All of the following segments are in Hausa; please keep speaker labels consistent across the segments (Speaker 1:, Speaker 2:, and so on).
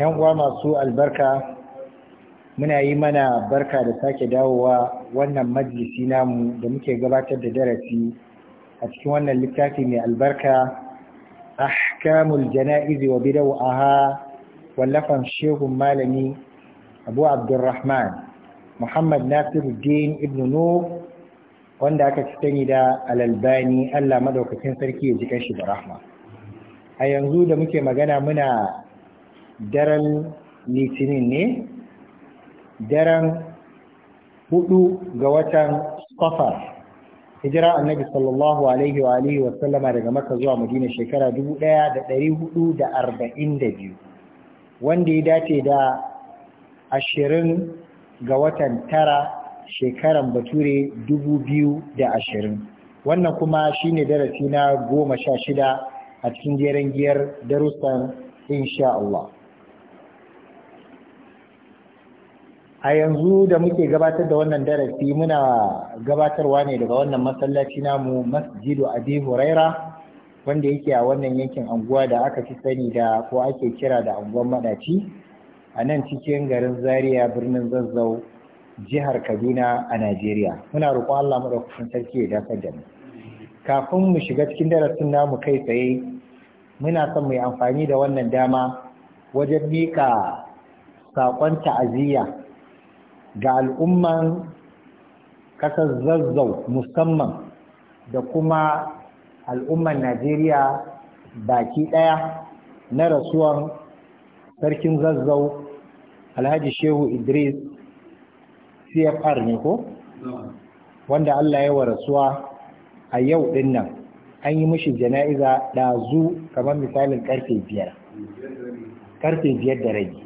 Speaker 1: yan uwa masu albarka muna yi mana barka da sake dawowa wannan majalisi namu da muke gabatar da darasi a cikin wannan littafi mai albarka ahkamul jana'izi wa bid'aha wallafan shehun malami abu abdurrahman muhammad nasiruddin Ibnu nur wanda aka ci sani da alalbani allah madaukakin sarki ya ji shi da rahma a yanzu da muke magana muna daren litinin ne daren hudu ga watan safar hijira annabi sallallahu alaihi wa alihi wa sallama daga maka zuwa madina shekara 1442 wanda ya dace da 20 ga watan tara shekaran bature 2020 wannan kuma shine darasi na goma sha shida a cikin jeren giyar darussan insha Allah a yanzu da muke gabatar da wannan darasi muna gabatarwa ne daga wannan masallaci namu masjidu abi huraira wanda yake a wannan yankin anguwa da aka fi sani da ko ake kira da anguwan madaci a nan cikin garin zaria birnin zazzau jihar kaduna a najeriya muna roƙon allah maɗaukakin sarki ya dafar da mu kafin mu shiga cikin darasin namu kai tsaye muna son mu yi amfani da wannan dama wajen miƙa saƙon ta'aziyya ga al'umman ƙasar zazzau musamman da kuma al'umman najeriya baki ɗaya na rasuwan sarkin zazzau alhaji shehu idris cfr ne ko wanda allah ya wa rasuwa a yau ɗin nan an yi mishi jana'iza ɗazu kamar misalin karfe biyar karfe biyar da rai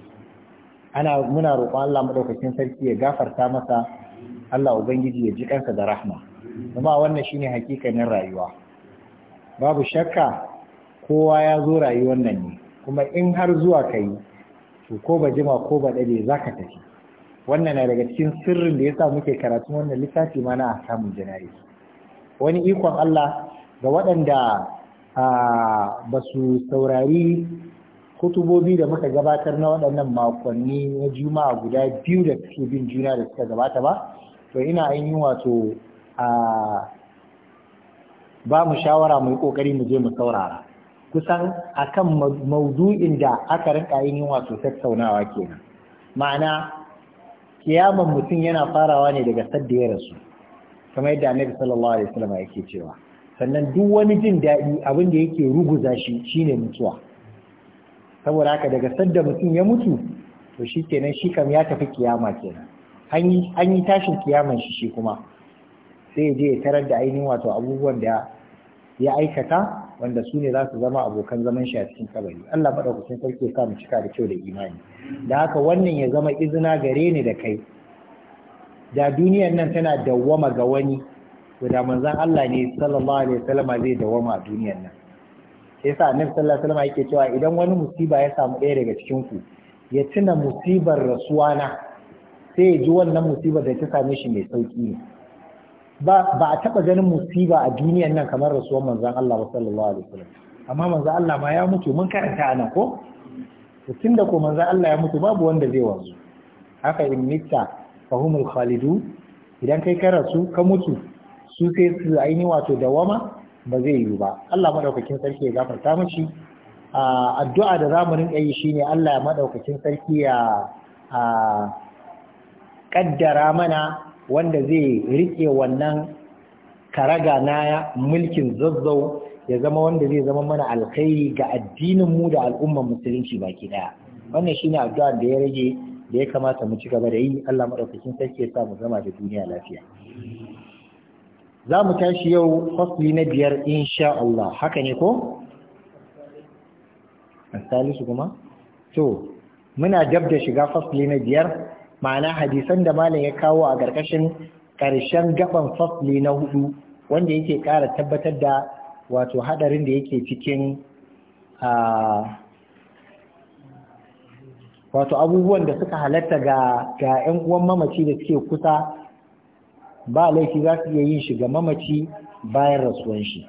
Speaker 1: ana muna roƙon Allah madaukakin sarki ya gafarta masa Allah ubangiji ya ji kansa da rahma kuma wannan shine hakikanin rayuwa babu shakka kowa ya zo rayuwar nan ne kuma in har zuwa kai to ko ba jima ko ba dade zaka tafi wannan na daga cikin sirrin da yasa muke karatu wannan littafi ma na samun jana'i wani ikon Allah ga waɗanda ah, ba su saurari Kutubobi da muka gabatar na waɗannan makonni na juma'a guda biyu da suke bin juna da suka gabata ba to ina an yi wato a ba mu shawara mu yi ƙoƙari mu je mu saurara kusan akan maudu'in da aka rinka yin wato tattaunawa kenan ma'ana kiyaman mutum yana farawa ne daga sadda ya rasu kamar yadda annabi sallallahu alaihi wasallam yake cewa sannan duk wani jin daɗi abin da yake ruguza shi shine mutuwa saboda haka daga sadda mutum ya mutu to shi kenan shi kam ya tafi kiyama kenan an yi tashin kiyaman shi shi kuma sai je ya tarar da ainihin wato abubuwan da ya aikata wanda su ne za su zama abokan zaman shi a cikin kabari Allah sun sarki ya sa mu cika da kyau da imani da haka wannan ya zama izina gare ni da kai da duniyar nan tana dawwama ga wani to da manzon Allah ne sallallahu alaihi wasallam zai dawwama a duniyar nan sai sa annabi sallallahu alaihi yake cewa idan wani musiba ya samu ɗaya daga cikin ku ya tuna musibar rasuwana sai ya ji wannan musibar da ta same shi mai sauki ne ba ba a taba ganin musiba a duniyar nan kamar rasuwar manzon Allah sallallahu alaihi wasallam amma manzon Allah ma ya mutu mun karanta anan ko tunda ko manzon Allah ya mutu babu wanda zai wanzu haka in mitta fahumul khalidu idan kai ka rasu ka mutu su sai su aini wato dawama ba zai yiwu ba Allah madaukakin sarki ya gafarta mishi addu'a da zamu rinka yi shine Allah madaukakin sarki ya kaddara mana wanda zai rike wannan karaga na mulkin zazzau ya zama wanda zai zama mana alkhairi ga addinin mu da al'ummar musulunci baki daya wannan shine addu'a da ya rage da ya kamata mu ci gaba da yi Allah madaukakin sarki ya sa mu zama da duniya lafiya za mu tashi yau fasli na biyar insha Allah haka ne ko? salisu kuma? to muna dab da shiga fasli na biyar ma'ana hadisan da malam ya kawo a ƙarƙashin ƙarshen gaban fasli na hudu wanda yake ƙara tabbatar da wato haɗarin da yake cikin wato abubuwan da suka halatta ga 'yan uwan mamaci da suke kusa ba laifi za su iya yin shi ga mamaci bayan rasuwan shi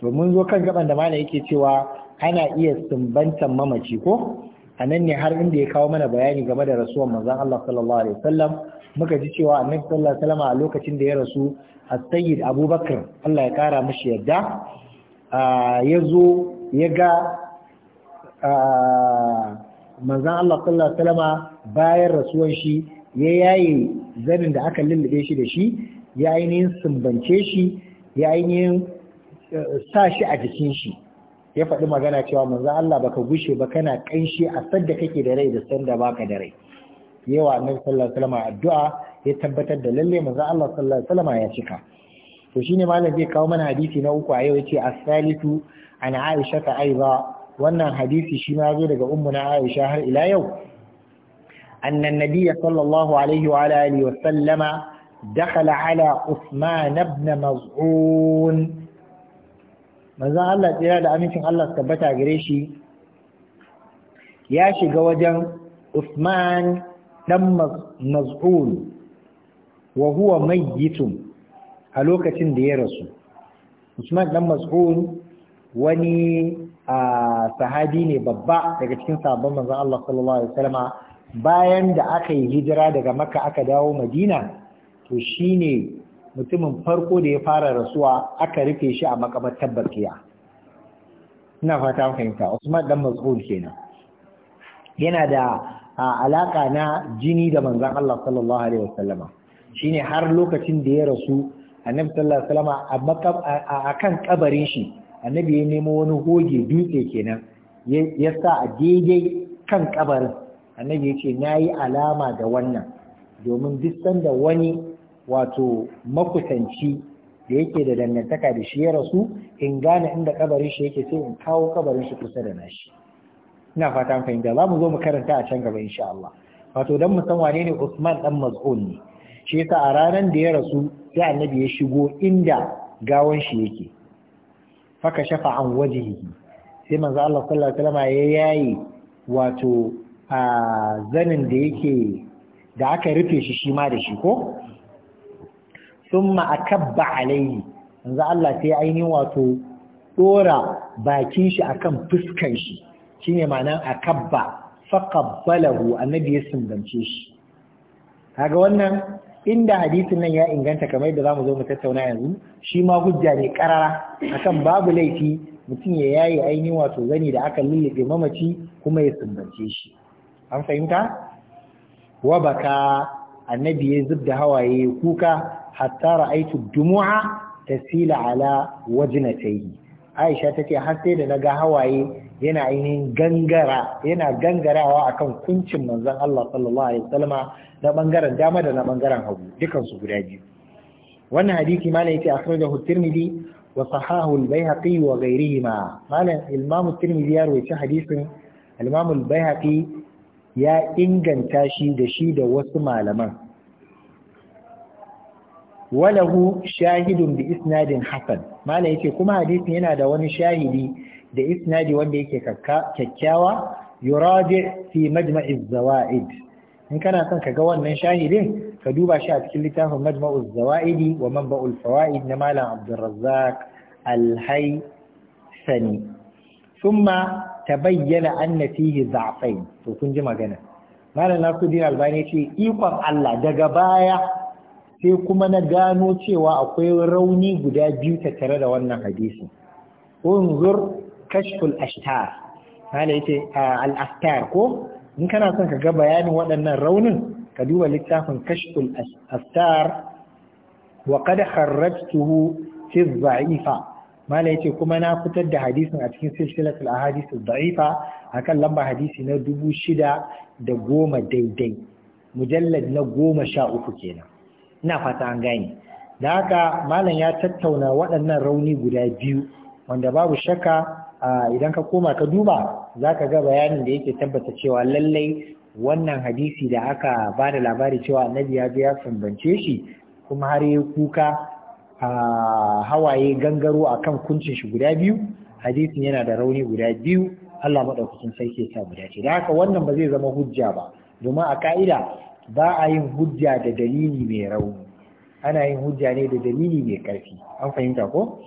Speaker 1: to mun zo kan gaban da malam yake cewa ana iya sumbantan mamaci ko a nan ne har inda ya kawo mana bayani game da rasuwan manzon Allah sallallahu alaihi wasallam muka ji cewa annabi sallallahu alaihi wasallam a lokacin da ya rasu as-sayyid Abubakar Allah ya kara mishi yadda ya zo ya ga manzon Allah sallallahu alaihi wasallam bayan rasuwan shi ya yaye zanin da aka lullube shi da shi ya ainihin sumbance shi ya ainihin eh, sa shi a jikin shi ya faɗi magana cewa manzo Allah baka gushe ba kana kanshi a sadda kake da rai da sanda baka da rai yawa annabi sallallahu alaihi wasallam addu'a ya tabbatar da lalle manzo Allah sallallahu alaihi wasallam ya cika to shine malam zai kawo mana hadisi na uku a yau yace as salitu an Aisha ta aiza wannan hadisi shi ma zo daga na Aisha har ila yau أن النبي صلى الله عليه وعلى آله وسلم دخل على عثمان بن مزعون ماذا الله تعالى أمين الله ثبتها قريشي ya shiga wajen Usman dan Maz'un wa huwa mayyitun a lokacin da ya rasu Usman ɗan Maz'un wani sahabi ne babba daga cikin sahabban manzon Allah bayan da aka yi hijira daga makka aka dawo madina to shine mutumin farko da ya fara rasuwa aka rufe shi a makabartar tabbakiya ina fata fahimta usman dan mas'ud kenan yana da alaka na jini da manzon Allah sallallahu alaihi wasallama shine har lokacin da ya rasu annabi sallallahu alaihi wasallama a kan kabarin shi annabi ya nemo wani hoge dutse kenan ya sa a daidai kan kabarin annabi yace yi alama da wannan domin duk sanda wani wato makusanci da yake da dangantaka da shi ya rasu in gane inda kabarin shi yake sai in kawo kabarin shi kusa da nashi ina fatan fahimta za mu zo mu karanta a can gaba insha Allah wato dan mu san wane ne Usman dan Maz'un ne shi yasa a ranar da ya rasu sai annabi ya shigo inda gawan shi yake faka shafa an wajihi sai manzo Allah sallallahu alaihi wasallam ya yayi wato a zanin da yake da aka rufe shi shi ma da shi ko Sun summa akabba alaihi yanzu Allah sai ainihin wato dora bakin shi akan fuskan shi shine ma'anar akabba faqabbalahu annabi ya sumbance shi kaga wannan inda hadisin nan ya inganta kamar yadda mu zo mu tattauna yanzu shi ma hujja ne ƙarara, akan babu laifi mutum ya yaye ainihin wato zani da aka lullube mamaci kuma ya sumbance shi an fahimta wa baka annabi ya zubda hawaye kuka hatta ra'aitu dumu'a tasila ala wajnatayhi Aisha tace har sai da naga hawaye yana ainihin gangara yana gangarawa akan kuncin manzon Allah sallallahu alaihi wasallama na bangaren dama da na bangaren hagu dukan su guda biyu wannan hadisi malam yace akhrajahu at-Tirmidhi wa sahahu al-Baihaqi wa ghayrihima malam Imam tirmidhi ya rawaita hadisin Imam al-Baihaqi ya inganta shi da shi da wasu malaman walahu shahidun bi isnadin Hassan, malam yake kuma hadisin yana da wani shahidi da isnadi wanda yake kyakkyawa yuraji fi majma'i zawaid in kana son ka ga wannan shahidin ka duba shi a cikin littafin majma'u zawaidi wa mamba'ul fawaid na malam abdurrazzaq Alhaisani. Summa. Ta bayyana fihi za'fain to kun ji magana malam Nasiruddin Albani ce ikon Allah daga baya sai kuma na gano cewa akwai rauni guda biyu tattare da wannan hadisi unzur kashful ashtar hala yace al ashtar ko in kana son ka ga bayanin waɗannan raunin ka duba littafin kashful astar wa qad kharrajtuhu fi dha'ifa mala yace kuma na fitar da hadisin a cikin silsilatul ahadith daifa akan lamba hadisi na dubu shida da goma daidai mujallad na goma sha uku kenan ina fata an gane da haka malam ya tattauna waɗannan rauni guda biyu wanda babu shakka idan ka koma ka duba zaka ga bayanin da yake tabbata cewa lallai wannan hadisi da aka ba da labari cewa annabi ya je ya sambance shi kuma har yi kuka hawaye gangaro a kan kuncin shi guda biyu hadisin yana da rauni guda biyu Allah maɗaukacin sai ke sa guda ce da haka wannan ba zai zama hujja ba domin a ka'ida ba a yin hujja da dalili mai rauni ana yin hujja ne da dalili mai ƙarfi an fahimta ko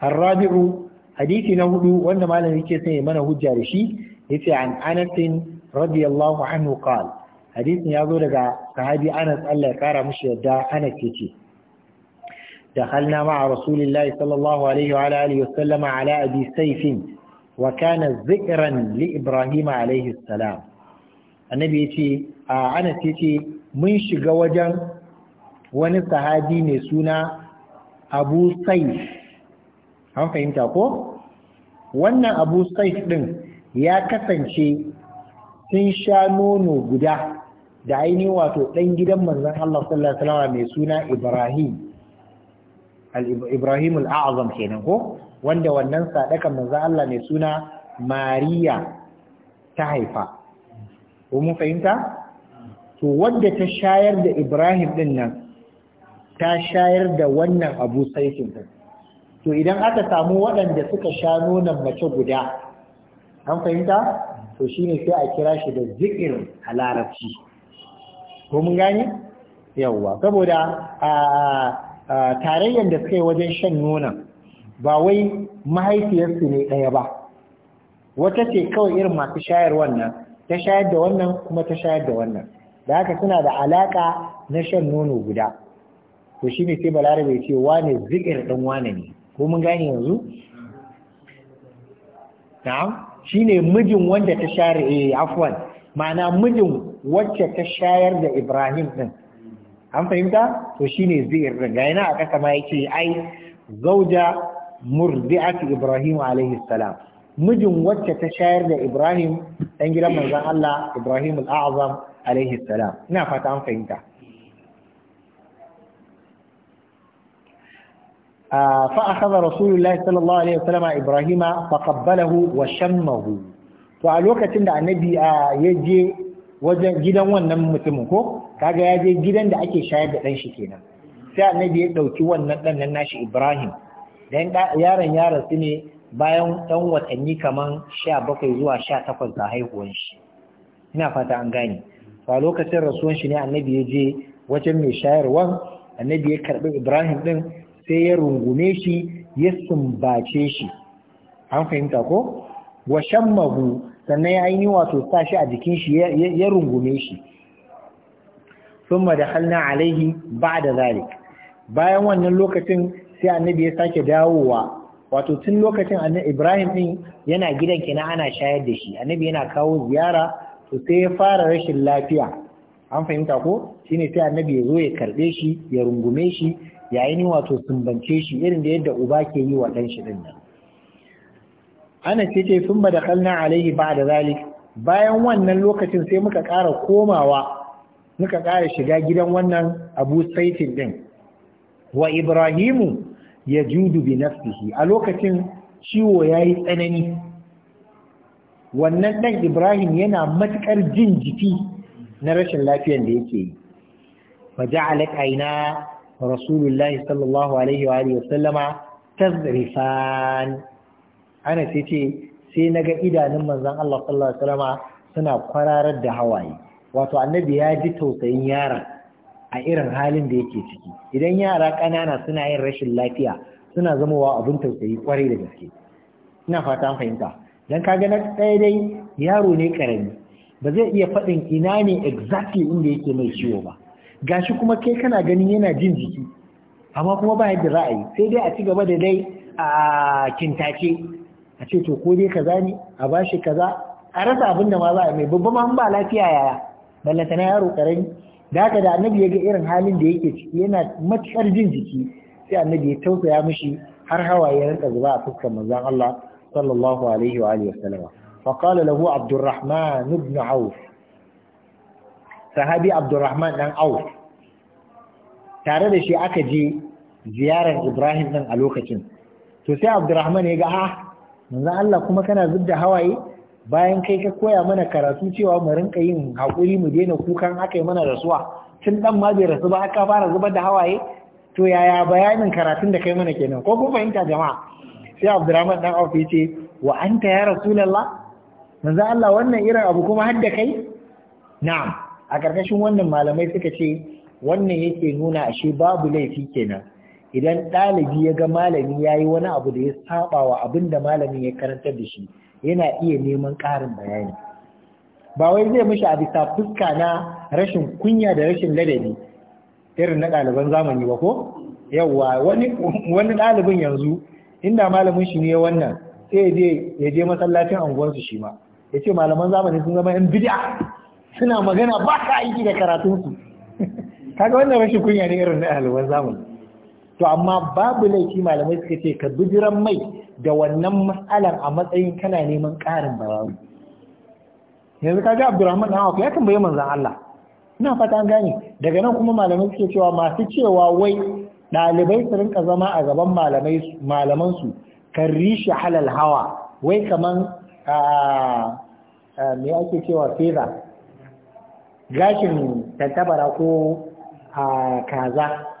Speaker 1: Rabi'u hadisi na hudu wanda malam yake son ya mana hujja da shi yace an anasin radiyallahu anhu qal hadisin ya zo daga sahabi Anas Allah ya kara mishi yadda Anas yace دخلنا مع رسول الله صلى الله عليه وعلى آله وسلم على أبي سيف وكان ذكرا لإبراهيم عليه السلام النبي يتي أنا تيتي من شق وجن ونسهادي نسونا أبو سيف هم فهمت أقول wannan abu saif ɗin ya kasance sun sha nono guda da ainihin wato ɗan gidan manzon Allah sallallahu alaihi wasallam mai suna Ibrahim Ibrahim al'azam kenan ko wanda wannan sadakan manzon Allah ne suna Mariya ta haifa ko mun fahimta to wanda ta shayar da Ibrahim din nan ta shayar da wannan Abu Saifin din to idan aka samu waɗanda suka sha nonon mace guda an fahimta to shine sai a kira shi da zikir a larabci ko mun gane yawwa saboda a ah, tarayyar da suka yi wajen shan nonon ba wai mahaifiyarsu ne ɗaya ba wata ce kawai irin masu shayar wannan ta shayar da wannan kuma ta shayar da wannan da haka suna da alaƙa na shan nono guda to shine sai balarabe ce wane zikir ɗan wane ne ko mun gane yanzu na'am ne mijin wanda ta shayar eh afwan ma'ana mijin wacce ta shayar da Ibrahim din an fahimta to shine zai rin ga yana a kasa ma yake ai zauja murdi'at ibrahim alaihi salam mijin wacce ta shayar da ibrahim dan gidan manzon Allah ibrahim al-a'zam alaihi salam ina fata an fahimta فأخذ رسول الله صلى الله عليه وسلم إبراهيم فقبله وشمه to a lokacin da annabi ah, ya je gidan wannan mutumin ko kaga ya je gidan da ake shayar da ɗanshi kenan sai annabi ya ɗauki wannan ɗan nan nashi Ibrahim dan yaron ya su ne bayan ɗan watanni kaman sha bakwai zuwa sha takwas da haihuwan shi ina fata an gane a lokacin rasuwan shi ne annabi ya je wajen mai shayarwan annabi ya karɓi Ibrahim ɗin sai ya rungume shi ya sumbace shi an fahimta ko wa shammahu sannan ya yi wato sa shi a jikin shi ya rungume shi summa da halna alaihi da zalik bayan wannan lokacin sai annabi ya sake dawowa wato tun lokacin annabi Ibrahim din yana gidan kina, ana shayar da shi annabi yana kawo ziyara to sai ya fara rashin lafiya an fahimta ko shine sai annabi ya zo ya karbe shi ya rungume shi yayin wato sumbance shi irin da yadda uba ke yi wa ɗan shi din nan ana ce ce sun ba da kalna alaihi ba da zalik bayan wannan lokacin sai muka ƙara komawa muka ƙara shiga gidan wannan abu saitin ɗin. wa ibrahimu ya judu bi nafsihi a lokacin ciwo ya yi tsanani wannan ɗan ibrahim yana matuƙar jin jiki na rashin lafiyar da yake yi faja'alat aina rasulullahi sallallahu alaihi wa alihi wasallama tazrifan ana sai ce sai naga idanun manzon Allah sallallahu alaihi wasallama suna kwararar da hawaye wato annabi ya ji tausayin yaran a irin halin da yake ciki idan yara ƙanana suna yin rashin lafiya suna zama wa abin tausayi kwarai da gaske ina fata fahimta dan kaga na tsaye dai yaro ne karami ba zai iya faɗin ina ne exactly inda yake mai ciwo ba gashi kuma kai kana ganin yana jin jiki amma kuma ba yadda za a yi sai dai a ci gaba da dai a kintace a ce to ko dai kaza ne a bashi kaza a rasa abinda da ma za a mai babba ma ba lafiya yaya ballanta na yaro karami da haka da annabi ya ga irin halin da yake ciki yana matuƙar jin jiki sai annabi ya tausaya mishi har hawaye rinka zuba a fuskar manzon Allah sallallahu alaihi wa alihi wasallam fa qala lahu Abdurrahman ibn Auf sahabi Abdurrahman dan Auf tare da shi aka je ziyarar Ibrahim din a lokacin to sai Abdulrahman ya ga ha ah, manzon Allah kuma kana zubda hawaye bayan kai ka koya mana karatu cewa mu rinka yin haƙuri mu daina kukan aka yi mana rasuwa tun dan ma bai rasu ba aka fara zubar da hawaye to yaya bayanin karatun da kai mana kenan ko kun fahimta jama'a sai Abdurrahman dan Auf yace wa anta ya rasulullah manzo Allah wannan irin abu kuma har da kai na'am a karkashin wannan malamai suka ce wannan yake nuna ashe babu laifi kenan idan ɗalibi ya ga malami ya yi wani abu da ya saba wa abin da malamin ya karantar da shi yana iya neman ƙarin bayani ba wai zai mishi a bisa fuska na rashin kunya da rashin ladabi irin na ɗaliban zamani ba ko yawwa wani wani ɗalibin yanzu inda malamin shi ne wannan sai ya je masallacin anguwansu shi ma ya ce malaman zamani sun zama 'yan bid'a suna magana ba ka aiki da karatunsu kaga wannan rashin kunya ne irin na ɗaliban zamani to amma babu laifi malamai suka ce ka bijiran mai da wannan matsalar a matsayin kana neman ƙarin bayani yanzu kaga Abdurrahman dan Auf ya kan tambaye manzan Allah ina fata an gane daga nan kuma malamai suke cewa masu cewa wai ɗalibai su rinka zama a gaban malamai malaman su kan rishi halal hawa wai kaman me ake cewa feza gashin tattabara ko kaza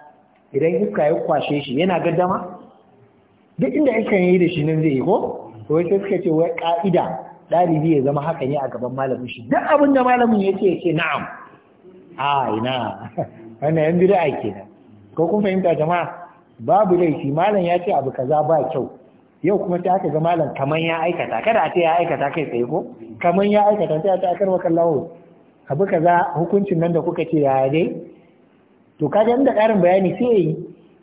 Speaker 1: idan iska ya kwashe shi yana gaddama duk inda iska ya yi da shi nan zai yi ko wai sai suka ce wai ka'ida ɗalibi ya zama haka ne a gaban malamin shi duk abin da malamin ya ce ya ce na'am a ina wannan yan bid'a kenan ko kun fahimta jama'a babu laifi malam ya ce abu kaza ba kyau yau kuma sai aka ga malam kaman ya aikata kada a ce ya aikata kai tsaye ko kaman ya aikata sai a ce a maka lawo abu kaza hukuncin nan da kuka ce ya dai to kaga inda ƙarin bayani sai yayi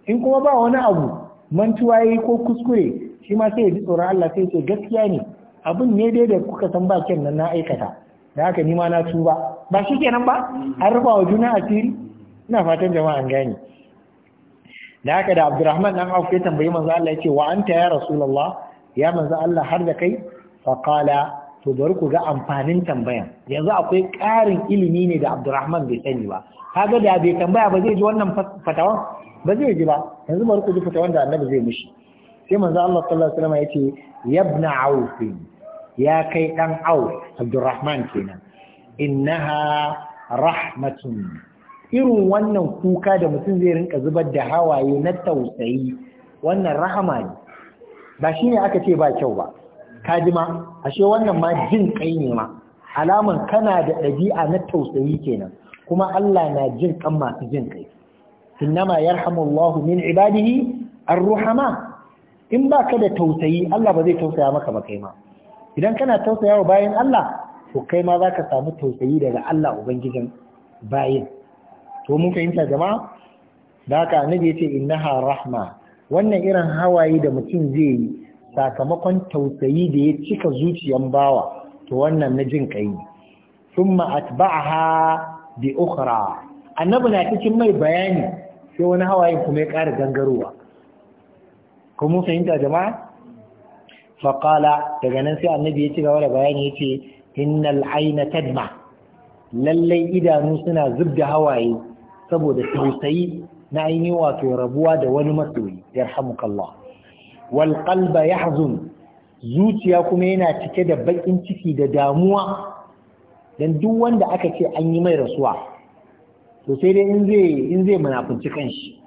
Speaker 1: in kuma ba wani abu mantuwa yayi ko kuskure shi ma sai ya ji tsoron Allah sai ce gaskiya ne Abun ne dai da kuka san ba kyan nan na aikata da haka ni ma na tuba ba shi kenan ba an rufa wa juna asiri ina fatan jama'a an gane da haka da Abdurrahman dan Auf ya tambayi manzo Allah ya ce wa anta ya Rasulullah ya manzo Allah har da kai fa qala to bari ku ga amfanin tambayan yanzu akwai ƙarin ilimi ne da Abdurrahman bai sani ba kaga da bai tambaya ba zai ji wannan fatawan ba zai ji ba yanzu bari ku ji fatawan da Annabi zai mishi sai manzo Allah sallallahu alaihi wasallam yace yabna auf ya kai dan auf Abdurrahman kenan innaha rahmatun irin wannan kuka da mutum zai rinka zubar da hawaye na tausayi wannan rahama ne ba shine aka ce ba kyau ba ka ma ashe wannan ma jin kai ne ma alaman kana da ɗabi'a na tausayi kenan kuma Allah na jin kan masu jin kai innama yarhamullahu min ibadihi arruhama ruhama in baka da tausayi Allah ba zai tausaya maka ba kai ma idan kana tausayawa bayan Allah to kai ma zaka samu tausayi daga Allah ubangijin bayin to mun fahimta jama'a da haka annabi yace innaha rahma wannan irin hawaye da mutum zai yi sakamakon tausayi da ya cika zuciyan bawa to wannan na jin kai ne thumma atba'aha bi ukhra annabi na cikin mai bayani sai wani hawaye kuma ya ƙara gangarowa ko mun fahimta jama'a fa qala daga nan sai annabi ya ci gaba da bayani ce, innal ayna tadma lallai idanu suna zubda hawaye saboda tausayi na ainihin wato rabuwa da wani masoyi yarhamukallah wal qalba yahzun zuciya kuma yana cike da bakin ciki da damuwa dan duk wanda aka ce an yi mai rasuwa to sai dai in zai munafunci kanshi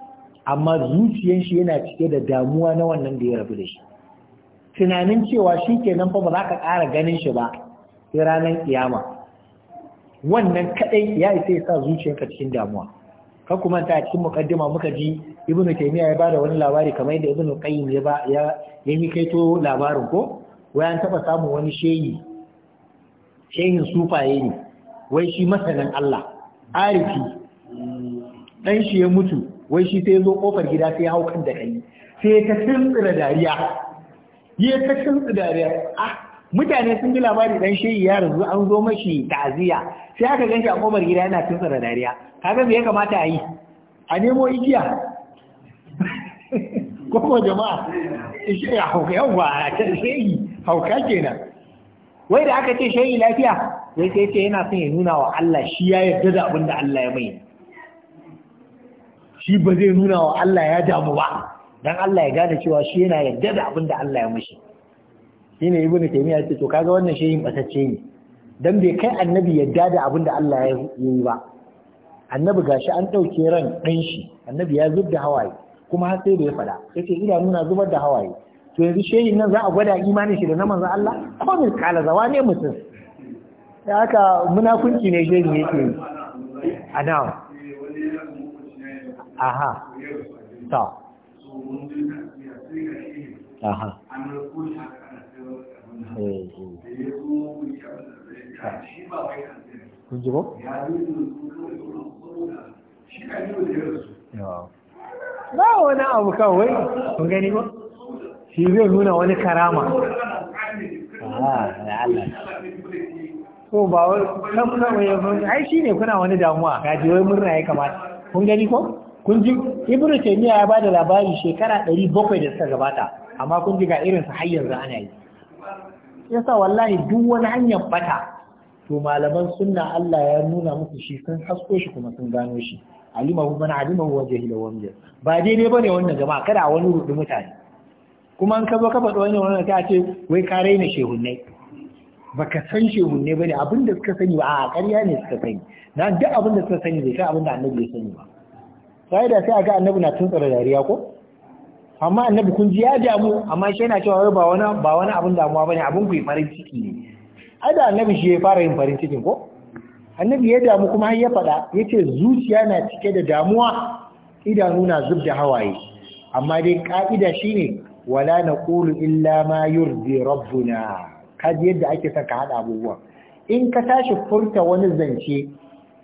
Speaker 1: amma zuciyan shi yana cike da damuwa na wannan da ya rabu da shi tunanin cewa shi kenan fa ba za ka ƙara ganin shi ba sai ranar kiyama wannan kadai ya isa ya sa zuciyarka cikin damuwa kan kuma ta a cikin mukaddima muka ji ibnu taymiya ya bada wani labari kamar yadda ibnu qayyim ya ba ya yi kaito labarin ko wai an taba samun wani shehi shehin sufaye ne wai shi masanin Allah arifi dan shi ya mutu wai shi sai zo kofar gida sai ya hau kan da kai sai ta tsira dariya ya ta tsira dariya ah mutane sun ji labari dan shehi ya rasu an zo mashi ta'aziya sai aka gan shi a komar gida yana da dariya kaga me ya kamata a yi a nemo igiya ko jama'a shehi hauka yawa shehi hauka kenan wai da aka ce shehi lafiya wai sai ce yana son ya nuna wa Allah shi ya yarda da abinda Allah ya mai shi ba zai nuna wa Allah ya damu ba dan Allah ya gane cewa shi yana yarda da abinda Allah ya mishi shine ibnu taymiya ce to kaga wannan yin basacce ne dan bai kai annabi yadda da abin da Allah ya yi ba annabi gashi an dauke ran ɗan shi annabi ya zub da hawaye kuma har sai da ya fada yace idanu na zubar da hawaye to yanzu shehin nan za a gwada imanin shi da na manzon Allah ko min kala zawa ne mutum da haka munafunci ne shehin yake yi aha ta aha kun ji ba? ba wani abu kawai kun gani ba? shi zai nuna wani karama ko ah, ba wai kan kawai ai shi ne kuna wani damuwa gaji wai murna ya kamata kun gani ko? kun ji Ibrahim taymiya ya bada labari shekara 700 da suka gabata amma kun ji ga irin su har yanzu ana yi yasa wallahi duk wani hanyar bata to malaman sunna Allah ya nuna musu shi sun hasko shi kuma sun gano shi alimahu man alimahu wa jahila wa ba dai ne bane wannan jama'a kada a wani rudu mutane kuma an ka zo ka faɗi wani wannan ka ce wai ka raina shehunnai baka san shehunne bane abinda suka sani ba a ƙarya ne suka sani na duk abinda suka sani bai kai abinda annabi ya sani ba sai da sai a annabi na tuntsara dariya ko amma annabi kun ji ya damu amma shi yana cewa ba wani ba wani abin damuwa bane abin ku farin ciki ne da annabi shi ya fara yin farin cikin ko annabi ya damu kuma har ya faɗa yace zuciya na cike da damuwa idanu na zub da hawaye amma dai ka'ida shine wala naqulu illa ma yurdi rabbuna kaji yadda ake saka hada abubuwa in ka tashi furta wani zance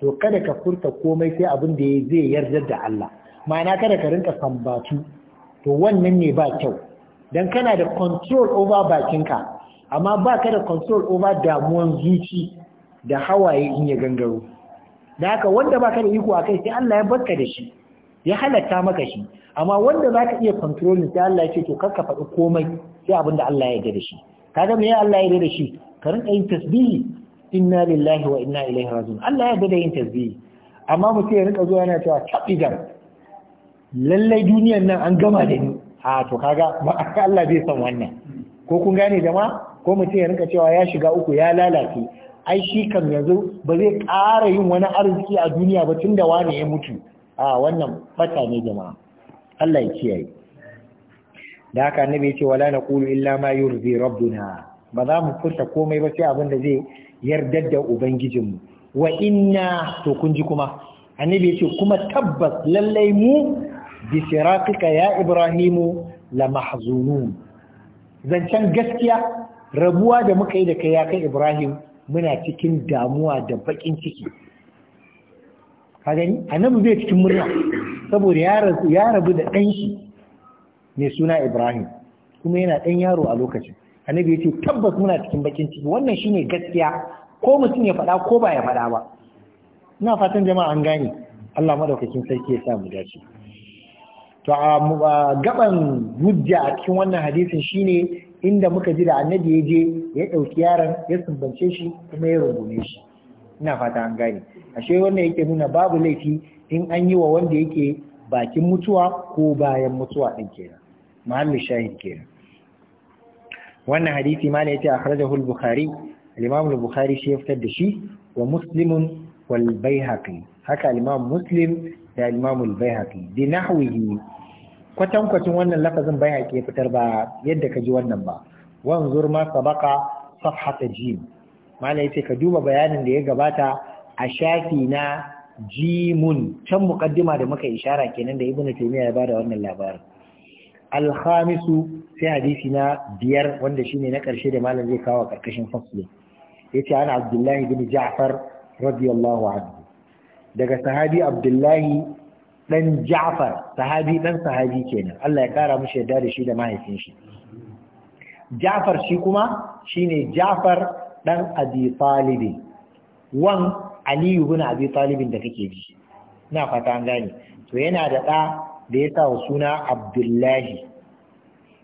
Speaker 1: to kada ka furta komai sai abin da zai yarda da Allah ma'ana kada ka rinka sambatu to wannan ne ba kyau dan kana da control over bakinka amma ba ka da control over damuwan zuci da hawaye in ya gangaro da haka wanda ba ka da iko a kai sai Allah ya barka da shi ya halatta maka shi amma wanda za ka iya controlling sai Allah ya ce to karka faɗi komai sai abin da Allah ya yarda da shi kaga me Allah ya yarda da shi ka rinka yin tasbihi inna lillahi wa inna ilaihi raji'un Allah ya yarda da yin tasbihi amma mutum ya rinka zuwa yana cewa tabidan lallai duniyar nan an gama da ni a to kaga ba Allah zai san wannan ko kun gane ma? ko mutum ya rinka cewa ya shiga uku ya lalace ai shi kam yanzu ba zai ƙara yin wani arziki a duniya ba tun da wani ya mutu a wannan fata ne jama'a Allah ya kiyaye da haka annabi ya ce wala naqulu illa ma yurzi rabbuna ba za mu furta komai ba sai abin da zai yardar da ubangijin mu. wa inna to kun ji kuma annabi ya ce kuma tabbas lallai mu bi ya ibrahimu la mahzunun zancen gaskiya rabuwa da muka yi da kai ya kai ibrahim muna cikin damuwa da bakin ciki ka gani annabi bai cikin murna saboda ya rabu da ɗan shi mai suna ibrahim kuma yana ɗan yaro a lokacin annabi ya ce tabbas muna cikin bakin ciki wannan shine gaskiya ko mutum ya faɗa ko ba ya faɗa ba ina fatan jama'a an gane Allah madaukakin sarki ya sa mu dace to a gaban hujja a cikin wannan hadisin shine inda muka ji da annabi ya je ya ɗauki yaron ya sumbance shi kuma ya rungume shi ina fata an gane ashe wannan yake nuna babu laifi in an yi wa wanda yake bakin mutuwa ko bayan mutuwa din kenan mahallin shahid kenan wannan hadisi ma ne yace akhrajahu al-bukhari al-imam bukhari shi ya fitar da shi wa muslimun wal baihaqi haka al-imam muslim da imamul bayhaqi bi nahwihi kwatan wannan lafazin bayhaqi ya fitar ba yadda ka ji wannan ba wanzur ma sabaqa safhata jim mala yace ka duba bayanin da ya gabata a shafi na jimun can muqaddima da muka ishara kenan da ibnu taymiya ya bada wannan labarin alhamisu sai hadisi na biyar wanda shine na ƙarshe da malam zai kawo karkashin fasli yace ana abdullahi bin ja'far radiyallahu anhu daga sahabi abdullahi dan ja'far sahabi dan sahabi kenan Allah ya kara mishi yadda da shi da mahaifin shi ja'far shi kuma shine ja'far dan abi talib wan ali ibn abi talib da kake ji ina fata an gane to yana da da da ya sa suna abdullahi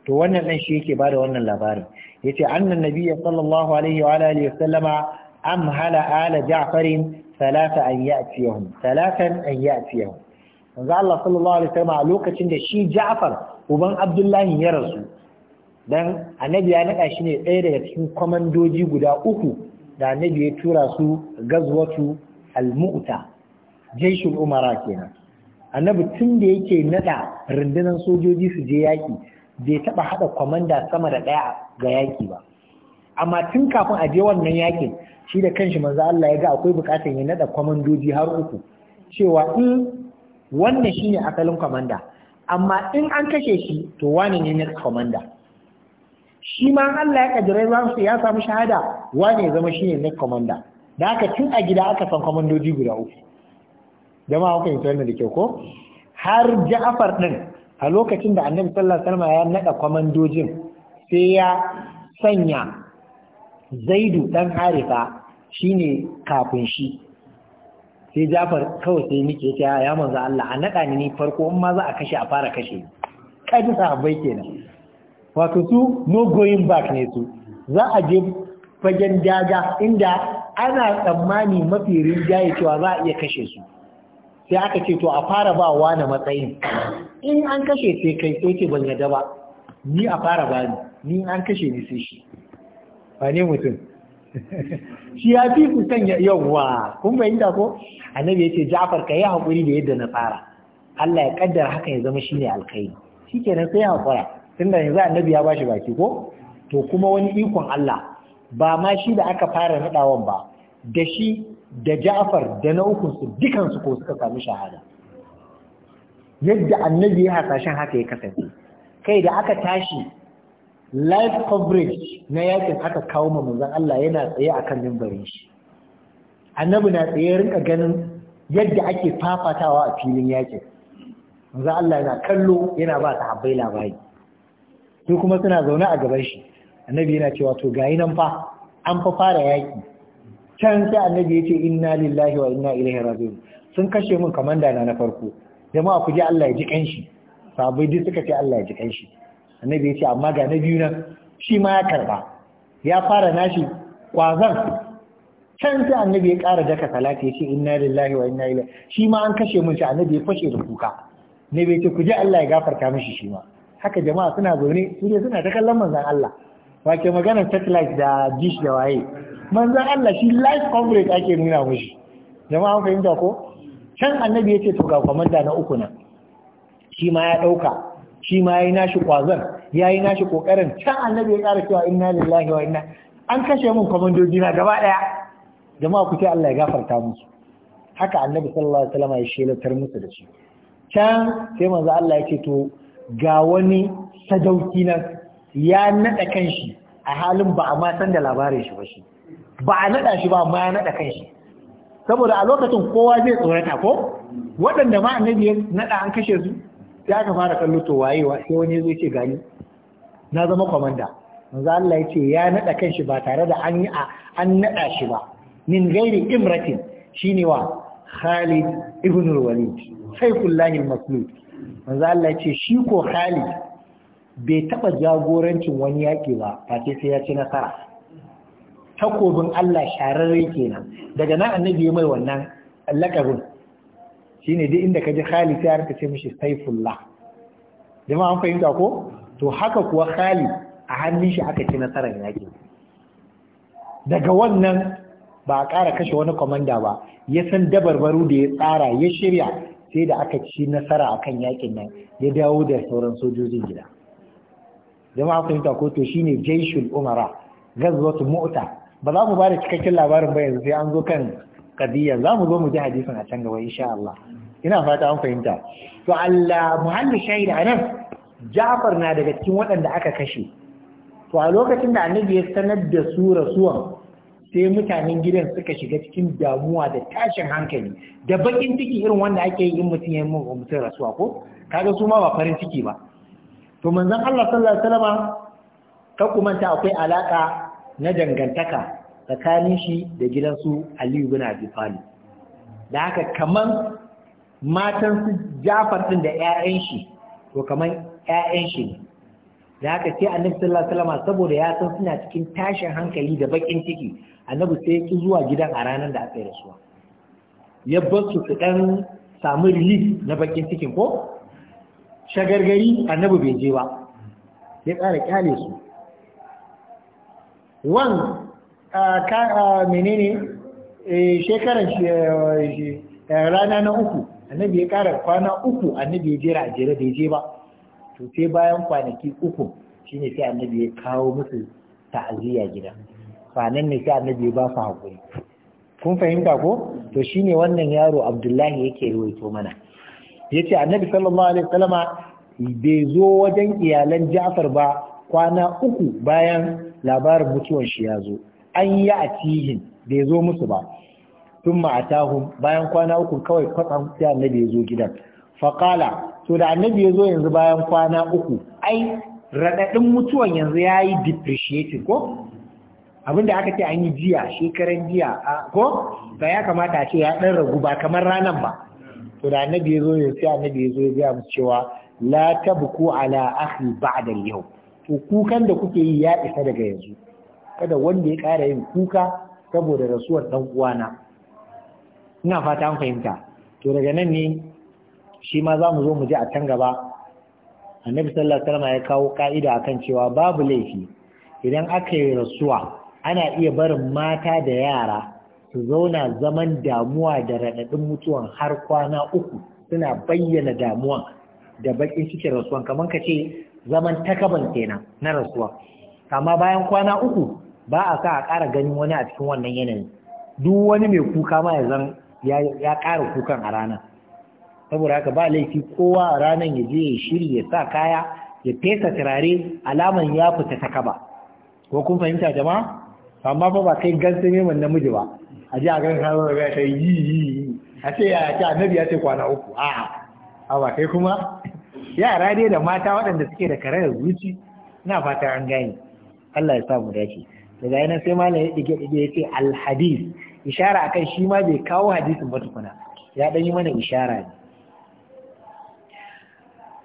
Speaker 1: to wannan dan shi yake bada wannan labarin yace annan nabiyyi sallallahu alaihi wa alihi wasallama amhala ala ja'farin talata an ya'tiyahum talatan an ya'tiyahum manzo Allah sallallahu alaihi wasallam a lokacin da shi Ja'far uban Abdullahi ya rasu dan annabi ya naɗa shi ne ɗaya daga cikin kwamandoji guda uku da annabi ya tura su gazwatu al-mu'ta jaishul umara kenan annabi tun da yake naɗa rundunar sojoji su je yaƙi bai taɓa haɗa kwamanda sama da ɗaya ga yaƙi ba amma tun kafin a je wannan yakin shi da kanshi manzo Allah ya ga akwai bukatar ya nada kwamandoji har uku cewa in wannan shine asalin kwamanda amma in an kashe shi to wane ne next kwamanda. shi ma Allah ya kaddare su ya samu shahada wane ya zama shine na kwamanda. da haka tun a gida aka san kwamandoji guda uku jama'a kuka yi wannan da kyau ko har Ja'far din a lokacin da Annabi sallallahu alaihi wasallam ya nada kwamandojin sai ya sanya zaidu ɗan harifa shine kafin shi sai jafar kawai sai nike ta ya manzo Allah a naɗa ni farko in ma za a kashe a fara kashe kaji sahabbai kenan wato su no going back ne su za a je fagen daga inda ana tsammani mafi rinjaye cewa za a iya kashe su sai aka ce to a fara ba wa na matsayin in an kashe sai kai sai ce ban yadda ba ni a fara ba ni an kashe ni sai shi ne mutum shi ya fi ku sanya yawwa kun fahimta ko annabi yace Ja'far kai hakuri da yadda na fara Allah ya kaddara haka ya zama shine alkhairi shikenan sai hakura tunda yanzu annabi ya bashi baki ko to kuma wani ikon Allah ba ma shi da aka fara nadawan ba da shi da Ja'far da na ukun su dukan su ko suka samu shahada yadda annabi ya hasashen haka ya kasance kai da aka tashi live coverage na yakin aka kawo ma manzon Allah yana tsaye akan mimbarin shi annabi na tsaye rinka ganin yadda ake fafatawa a filin yakin manzon Allah yana kallo yana ba habbai labari su kuma suna zaune a gaban shi annabi yana cewa to gayi nan fa an fa fara yaki can sai annabi ya ce inna lillahi wa inna ilaihi raji'un sun kashe min kamanda na na farko jama'a ku ji Allah ya ji kanshi sabai duk suka ce Allah ya ji kanshi annabi ya ce amma ga na biyu nan shi ma ya karba ya fara nashi kwazan can sai annabi ya kara daka salati ya ce inna lillahi wa inna ilaihi shi ma an kashe mun shi annabi ya fashe da kuka ne bai ce ku je Allah ya gafarta mishi shi ma haka jama'a suna zaune su ne suna ta kallon manzon Allah wake maganar satellite da dish da waye manzon Allah shi live coverage ake nuna mishi jama'a kun fahimta ko can annabi ya ce to ga kwamanda na uku nan shi ma ya dauka. shi ma ya yi nashi ya yi nashi kokarin can annabi ya kara cewa inna lillahi wa inna an kashe mun komandoji na gaba ɗaya. jama'a ku ce Allah ya gafarta musu haka annabi sallallahu alaihi wasallam ya shelatar musu da shi can sai manzo Allah ya ce to ga wani sadauki nan ya nada kanshi a halin ba a ma san da labarin shi ba shi ba a nada shi ba amma ya nada kanshi saboda a lokacin kowa zai tsorata ko waɗanda ma annabi ya nada an kashe su sai aka fara kallo to wayewa sai wani zai ce gani na zama kwamanda manzo Allah ya ce ya nada kanshi ba tare da an yi an nada shi ba min gairi imratin shine wa Khalid ibn al-Walid sayfullahi al-maslud manzo Allah ya ce shi ko Khalid bai taba jagorancin wani yaki ba face sai ya ci nasara takobin Allah shararre kenan daga nan annabi ya mai wannan lakabin Shi ne duk inda ka ji khali sai harka ce mishi saifullah jama'a an fahimta ko to haka kuwa khali a hannun shi aka ci nasarar yaki daga wannan ba a ƙara kashe wani kwamanda ba ya san dabarbaru da ya tsara ya shirya sai da aka ci nasara a kan yaƙin nan ya dawo da sauran sojojin gida jama'a fahimta ko to shi shine jaishul umara gazwatu mota ba za mu ba da cikakken labarin ba yanzu sai an zo kan qadiyan za mu zo mu ji hadisin a can gaba insha Allah ina fata an fahimta to Allah muhalli shahid anan Ja'far na daga cikin waɗanda aka kashe to a lokacin da annabi ya sanar da su rasuwan sai mutanen gidan suka shiga cikin damuwa da tashin hankali da bakin ciki irin wanda ake yi in mutum ya yi mutum rasuwa ko kaga su ma ba farin ciki ba to manzon Allah sallallahu alaihi wasallam ka ta akwai alaka na dangantaka tsakanin shi da gidansu Aliyu bin Abi Talib da haka kaman matan su Jafar din da ƴaƴan shi to kaman ƴaƴan shi ne da haka sai Annabi sallallahu alaihi wasallam saboda ya san suna cikin tashin hankali da bakin ciki Annabi sai ya ki zuwa gidan a ranar da aka yi rasuwa ya bar su su dan samu relief na bakin cikin ko shagargari Annabi bai je ba ya tsara kyale su wan menene e, shekaran e, e, rana na uku annabi ya kara kwana uku annabi ya jira a jere bai je ba to sai bayan kwanaki uku shine sai annabi ya kawo musu ta'aziyya gida kwanan ne sai annabi ya ba su hakuri kun fahimta ko to shine wannan yaro abdullahi yake ruwaito mana yace annabi sallallahu alaihi wasallama bai zo wajen iyalan Ja'far ba kwana uku bayan labarin mutuwar shi ya zo an yi a cihin da ya zo musu ba tun ma'atahun bayan kwana uku kawai kwatsan sai annabi ya zo gidan faƙala to da annabi ya zo yanzu bayan kwana uku ai raɗaɗin mutuwan yanzu ya yi depreciating ko abinda aka ce an yi jiya shekaran jiya ko ba ya kamata a ce ya ɗan ragu ba kamar ranar ba to da annabi ya zo yanzu sai annabi ya zo ya gaya musu cewa la tabku ala akhi ba'da al-yawm to kukan da kuke yi ya isa daga yanzu kada wanda ya ƙara yin kuka saboda rasuwar ɗan uwana ina fata an fahimta to daga nan ne shi ma za mu zo mu ji a can gaba annabi sallallahu alaihi wasallam ya kawo ka'ida akan cewa babu laifi idan aka yi rasuwa ana iya barin mata da yara su zauna zaman damuwa da raɗaɗin mutuwan har kwana uku suna bayyana damuwa da baƙin cikin rasuwan kamar ka ce zaman takaban kenan na rasuwa amma bayan kwana uku ba a sa a ƙara ganin wani a cikin wannan yanayin. duk wani mai kuka ma ya zan ya ƙara kukan a rana. saboda haka ba laifi kowa a ranar ya je ya shiri ya sa kaya ya fesa turare alaman ya fita ta kaba ko kun fahimta jama'a amma fa ba kai gan sai mai namiji ba a ji a gan zo ga ta yi yi a ce ya ce annabi ya ce kwana uku a'a a ba kai kuma yara dai da mata waɗanda suke da karayar zuci ina fata an gani. Allah ya sa mu dace daga yana sai malam ya yi dige ya ce alhadis ishara akan shi ma bai kawo hadisin ba tukuna ya dan yi mana ishara ne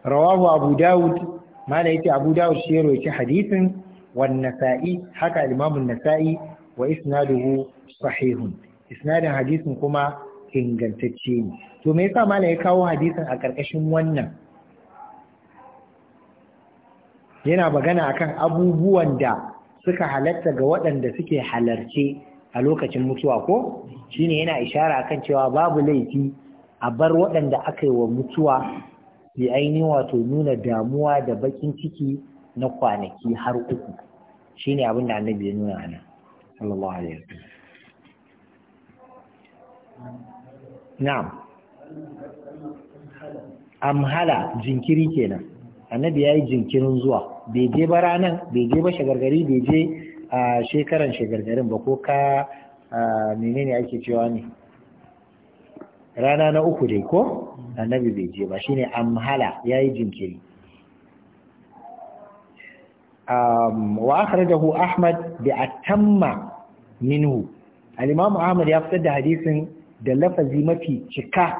Speaker 1: rawahu abu daud malam ce abu daud shi ya roki hadisin wan nasa'i haka imamu nasa'i wa isnaduhu sahihun isnadin hadisin kuma ingantacce ne to me yasa malam ya kawo hadisin a karkashin wannan yana magana akan abubuwan da suka halarta ga waɗanda suke halarci a lokacin mutuwa ko shine yana ishara kan cewa babu laifi a bar waɗanda aka yi wa mutuwa ya aini wato nuna damuwa da bakin ciki na kwanaki har uku shine abin da annabi ya nuna ana sallallahu alaihi wasallam na'am amhala jinkiri kenan annabi yayi jinkirin zuwa bai je ba ranan bai je ba shagargari bai je a shekaran shagargarin ba ko ka menene ake cewa ne rana na uku dai ko annabi bai je ba shine amhala yayi jinkiri um wa akhrajahu ahmad bi atamma minhu al-imam ahmad ya fitar da hadisin da lafazi mafi cika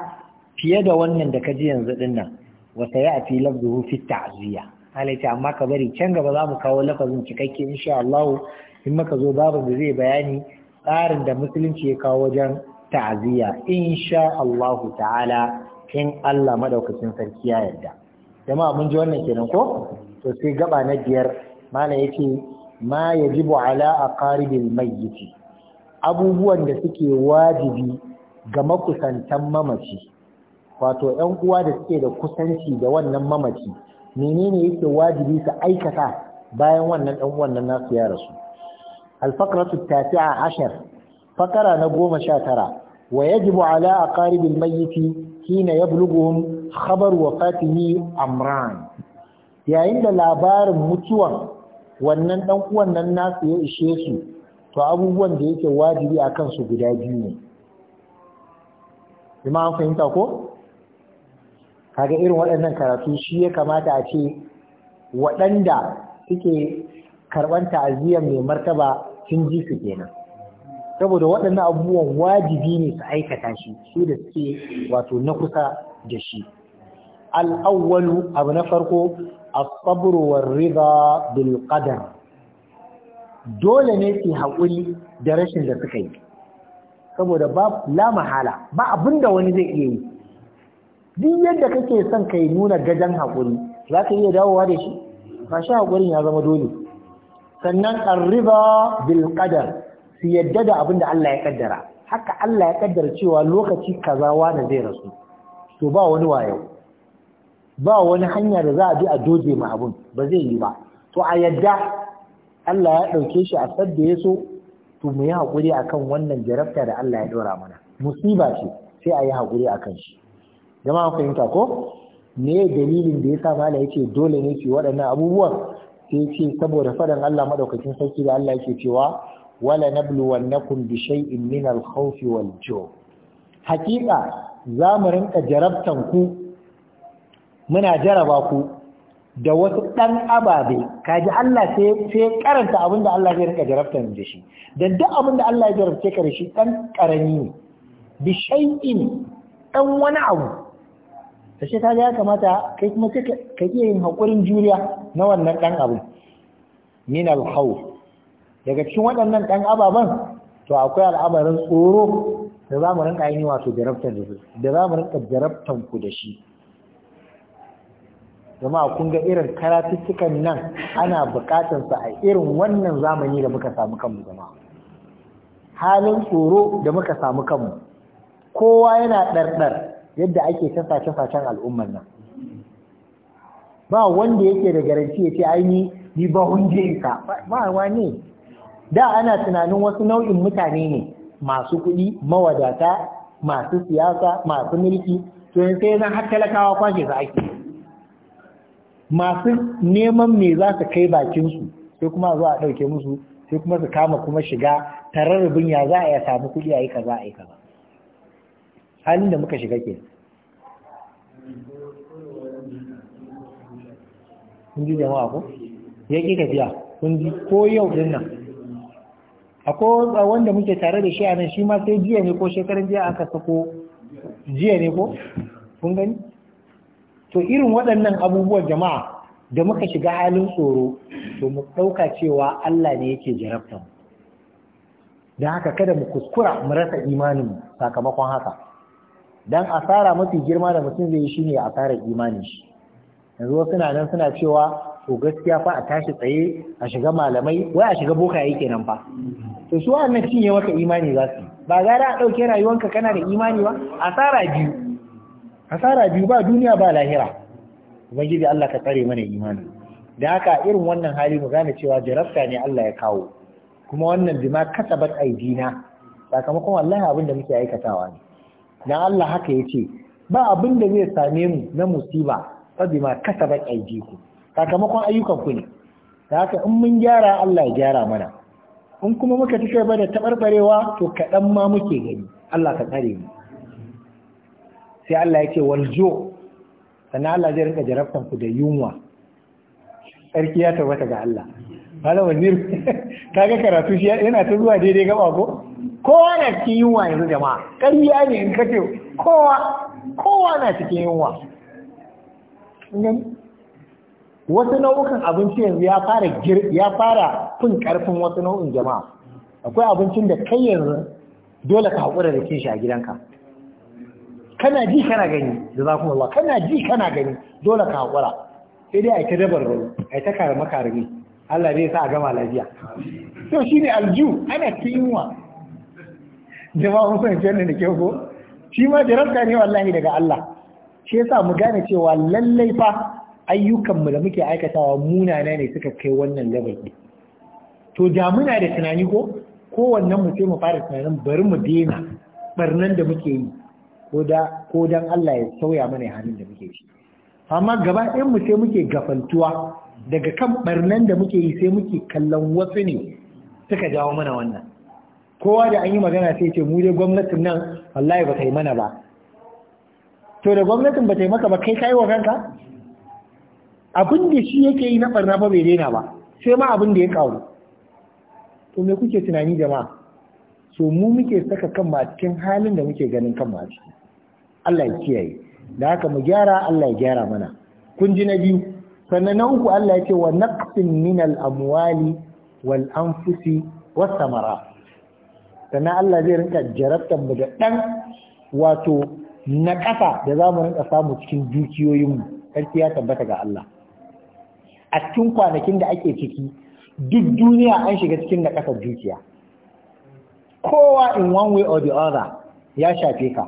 Speaker 1: fiye da wannan da kaji yanzu dinnan wa sayati lafzuhu fi ta'ziya halitta amma ka bari can gaba za mu kawo lafazin cikakke insha Allah in maka zo babu da zai bayani tsarin da musulunci ya kawo wajen ta'aziyya insha Allah ta'ala in Allah madaukakin sarki ya yarda jama'a mun ji wannan kenan ko to sai gaba na biyar mana yake ma yajibu ala aqaribil mayyit abubuwan da suke wajibi ga makusantan mamaci wato 'yan uwa da suke da kusanci da wannan mamaci menene yake wajibi su aikata bayan wannan dan wannan nasu ya rasu al tafi a ashar fakara na goma sha tara wa yajibu ala aqaribil mayyiti hina yablughuhum khabar wafatihi amran yayin da labarin mutuwan wannan dan uwan nasu ya ishe su to abubuwan da yake wajibi akan su guda biyu ne kuma fahimta ko kaga irin waɗannan karatu shi ya kamata a ce waɗanda suke karɓar ta'aziyyar mai martaba sun ji su kenan saboda waɗannan abubuwan wajibi ne su aikata shi su da suke wato na kusa da shi al'awwalu abu na farko a sabru war bil qadar dole ne su haƙuri da rashin da suka yi saboda ba la mahala ba abinda wani zai iya yi duk yadda kake son ka yi nuna gadon haƙuri za ka iya dawowa da shi ba shi haƙurin ya zama dole sannan arriba bil qadar su yadda da abin da Allah ya kaddara haka Allah ya kaddara cewa lokaci kaza wani zai rasu to ba wani wayo ba wani hanya da za a bi a doje ma abun ba zai yi ba to a yadda Allah ya ɗauke shi a sadda ya so to mu yi haƙuri akan wannan jarabta da Allah ya ɗora mana musiba ce sai a yi haƙuri akan shi jama'a fahimta ko me dalilin da ya sa mala ce dole ne ki waɗannan abubuwan sai ce saboda fadan Allah madaukakin sarki da Allah yake cewa wala wannakum bi shay'in min al-khawf wal ju' hakika za mu rinka jarabtan ku muna jaraba ku da wasu ɗan ababe kaji Allah sai sai karanta abin da Allah zai rinka jarabtan da shi dan duk abin Allah ya jarabce ka da shi ɗan ƙarami bi shay'in ɗan wani abu ashe ta ya kamata kai kuma ka iya yin hakurin juriya na wannan ɗan abu min alhaw daga cikin waɗannan ɗan ababen to akwai al'amarin tsoro da za mu rinka yi wato jarabtar da su. da za mu rinka jarabtar ku da shi zama kun ga irin karatuttukan nan ana bukatar sa a irin wannan zamani da muka samu kanmu zama halin tsoro da muka samu kanmu kowa yana ɗarɗar yadda ake tasa tafacen al'ummar nan ba wanda yake da garanti ya ce aini ni ba hunje ka ba wane da ana tunanin wasu nau'in mutane ne masu kuɗi mawadata masu siyasa masu mulki to yin sai zan har talakawa kwashe su ake masu neman me za su kai bakinsu sai kuma zuwa a ɗauke musu sai kuma su kama kuma shiga tararrabin ya za a ya samu kuɗi a yi kaza a yi kaza halin da muka shiga ke kun ji jama'a ko ya ƙi tafiya kun ji ko yau din nan ko wanda muke tare da shi a nan shi ma sai jiya ne ko shekarun jiya aka sako jiya ne ko kun gani to irin waɗannan abubuwan jama'a da muka shiga halin tsoro to mu ɗauka cewa Allah ne yake jarabta mu don haka kada mu kuskura mu rasa imanin sakamakon haka dan asara mafi girma da mutum zai yi shine asarar imanin shi yanzu wasu na nan suna cewa to gaskiya fa a tashi tsaye a shiga malamai wai a shiga boka bokaye kenan fa to su wannan cinye maka imani za su ba ga a ɗauke rayuwanka kana da imani ba asara biyu asara biyu ba duniya ba lahira ubangiji Allah ka tsare mana imani da haka irin wannan hali mu gane cewa jarabta ne Allah ya kawo kuma wannan bima kasabat aidina sakamakon wallahi abinda muke aikatawa ne dan Allah haka ya ce, ba abin da zai same mu na musiba fa bima kasabat ku. sakamakon ayyukan ku ne da haka in mun gyara Allah ya gyara mana in kuma muka ci gaba da tabarbarewa to kaɗan ma muke gani Allah ka tsare mu sai Allah ya ce waljo sannan Allah zai rinka jarabtan ku da yunwa sarki ya tabbata ga Allah malam ta ga karatu shi yana ta zuwa daidai gaba ko kowa na cikin yunwa yanzu jama'a ƙarya ne in kace kowa kowa na cikin yunwa wasu nau'ukan abinci yanzu ya fara ya fara fin ƙarfin wasu nau'in jama'a akwai abincin da kai yanzu dole ka haƙura da cin shi a gidanka kana ji kana gani da za kuma Allah kana ji kana gani dole ka haƙura sai dai a ta dabar rau a ta karama karami Allah zai sa a gama lafiya to shine alju ana cikin yunwa jama'a mun fahimci da kyau ko shi ma jarabta ne wallahi daga Allah shi yasa mu gane cewa lallai fa ayyukan mu da muke aikatawa munana ne suka kai wannan level din to da muna da tunani ko ko wannan mu sai mu fara tunanin bari mu daina barnan da muke yi ko da ko dan Allah ya sauya mana halin da muke shi amma gaba ɗayan mu sai muke gafantuwa daga kan barnan da muke yi sai muke kallon wasu ne suka jawo mana wannan kowa da an yi magana sai ce mu dai gwamnatin nan wallahi ba ta yi mana ba to da gwamnatin ba ta yi maka ba kai kai wa kanka abin da shi yake yi na barna ba bai daina ba sai ma abin da ya kawo to me kuke tunani jama'a so mu muke saka kan a cikin halin da muke ganin kan a ciki Allah ya kiyaye da haka mu gyara Allah ya gyara mana kun ji na biyu sannan na uku Allah ya ce wa naqsin min al amwali wal anfusi was samara sannan Allah zai rinka jarabtar mu da ɗan wato na ƙasa da za mu rinka samu cikin dukiyoyinmu ƙarfi ya tabbata ga Allah a cikin kwanakin da ake ciki duk duniya an shiga cikin na ƙasar dukiya kowa in one way or the other ya shafe ka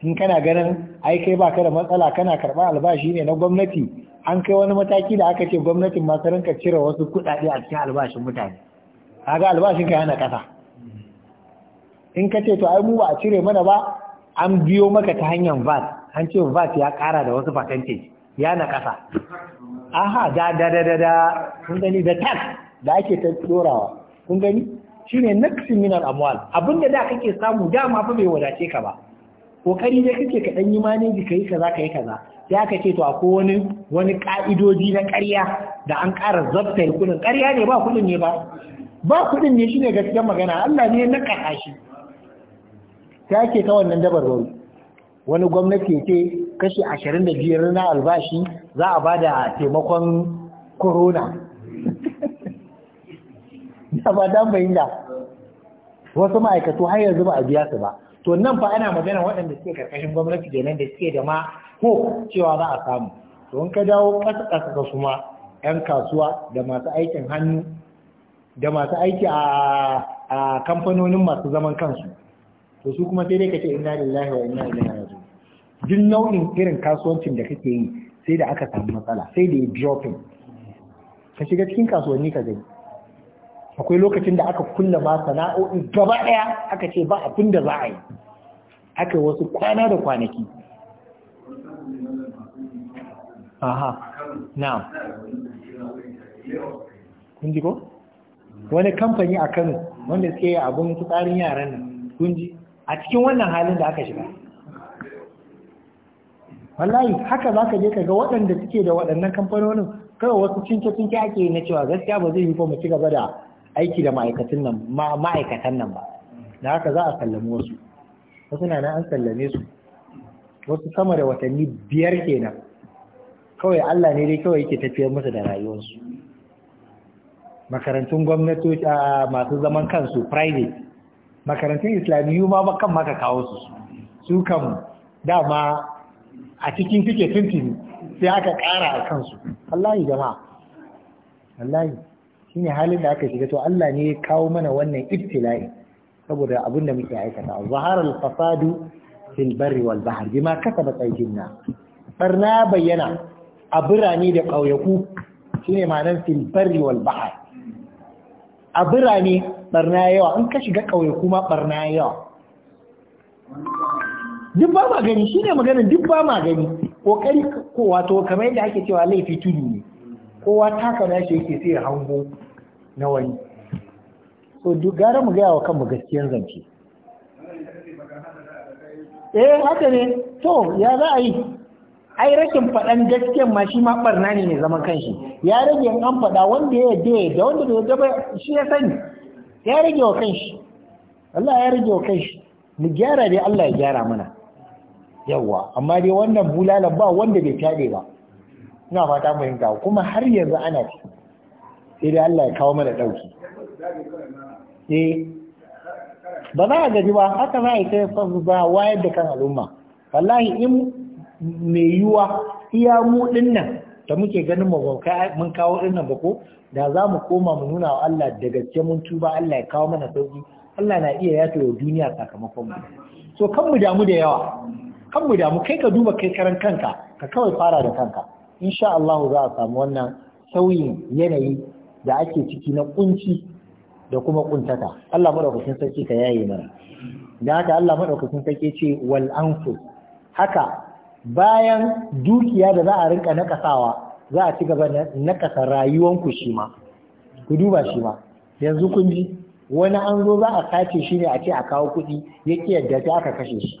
Speaker 1: in kana ganin ai kai ba ka da matsala kana karɓar albashi ne na gwamnati an kai wani mataki da aka ce gwamnatin ma rinka cire wasu kuɗaɗe a cikin albashin mutane kaga albashin ka yana ƙasa in ka ce to ai mu ba a cire mana ba an biyo maka ta hanyar VAT an ce VAT ya ƙara da wasu percentage ya na ƙasa aha da da da da kun gani da tax da ake ta dorawa kun gani shine next min amwal abinda da kake samu dama fa bai wadace ka ba kokari da kake ka dan yi maneji kai kaza kai kaza sai aka ce to akwai wani wani ka'idoji na ƙarya da an ƙara zabta kudin ƙarya ne ba kudin ne ba ba kudin ne shine gaskiyar magana Allah ne ya naka shi Ta ke ta wannan dabarbaru wani gwamnati ya ce kashi ashirin da biyar na albashi za a ba da taimakon corona ya ba dan da wasu ma'aikatu har yanzu ba a biya su ba to nan fa ana magana waɗanda suke karkashin gwamnati kenan da suke da ma ko cewa za a samu to in ka dawo ƙasa ƙasa ka suma 'yan kasuwa da masu aikin hannu da masu aiki a kamfanonin masu zaman kansu to su kuma sai dai kace inna lillahi wa inna ilaihi raji'un duk nau'in irin kasuwancin da kake yi sai da aka samu matsala sai da ya dropping ka shiga cikin kasuwanni ka gani akwai lokacin da aka kulla ma sana'o'i gaba daya aka ce ba abin da za a yi aka wasu kwana da kwanaki aha na'am kun ji ko wani kamfani a kano wanda suke abun tsarin yaran nan kun ji a cikin wannan halin da aka shiga wallahi haka za ka je ka ga waɗanda suke da waɗannan kamfanonin kawai wasu cinke-cinke ake yi na cewa gaskiya ba zai yi ko mu ci gaba da aiki da ma'aikatan nan ma'aikatan nan ba da haka za a sallami wasu wasu na an sallame su wasu sama da watanni biyar kenan kawai Allah ne dai kawai yake tafiyar musu da rayuwarsu makarantun gwamnati masu zaman kansu private makarantun islamiyu ma kan maka kawo su su kan dama a cikin suke tuntuni sai aka kara a kansu Allah jama'a shi ne halin da aka shiga to Allah ne kawo mana wannan iftila'i saboda abin da muke aikata zaharar fasadu fil barri wal bahr bima kasabat na. barna bayyana a birane da ƙauyaku shine ma'anar fil barri wal bahr a birane barna yawa in ka shiga kauye kuma barna yawa duk ba ma gani shine magana duk ba ma gani kokari wato kamar yadda ake cewa laifi tudu ne kowa taka na shi yake sai hango na wani so gara mu gaya wa kanmu gaskiyar zance eh haka ne to ya za a yi ai rashin faɗan gaskiyar ma shi ma barna ne ne zaman kanshi ya rage an faɗa wanda ya yadda da wanda bai yadda ba shi ya sani ya rage wa kanshi Allah ya rage wa kanshi mu gyara dai Allah ya gyara mana yawa amma dai wannan bulala ba wanda bai tade ba ina fata mu yinka kuma har yanzu ana ci sai dai Allah ya kawo mana dauki eh ba za a gaji ba haka za a yi kai ba wayar da kan al'umma wallahi in mai yiwa iya mu dinnan da muke ganin mu mun kawo dinnan ba ko da za mu koma mu nuna wa Allah da gaske mun tuba Allah ya kawo mana sauki Allah na iya yafe wa duniya sakamakon mu so kan mu damu da yawa kan mu damu kai ka duba kai karan kanka ka kawai fara da kanka insha Allah za a samu wannan sauyin yanayi da ake ciki na kunci da kuma kuntata Allah madaukakin sarki ka yaye mana da haka Allah madaukakin sarki ce wal anfu. haka bayan dukiya da za a rinka nakasawa za a ci gaba da nakasa rayuwanku shi ma ku duba shi ma yanzu kun ji wani an zo za a sace shi ne a ce a kawo kuɗi ya ƙi yadda ta aka kashe shi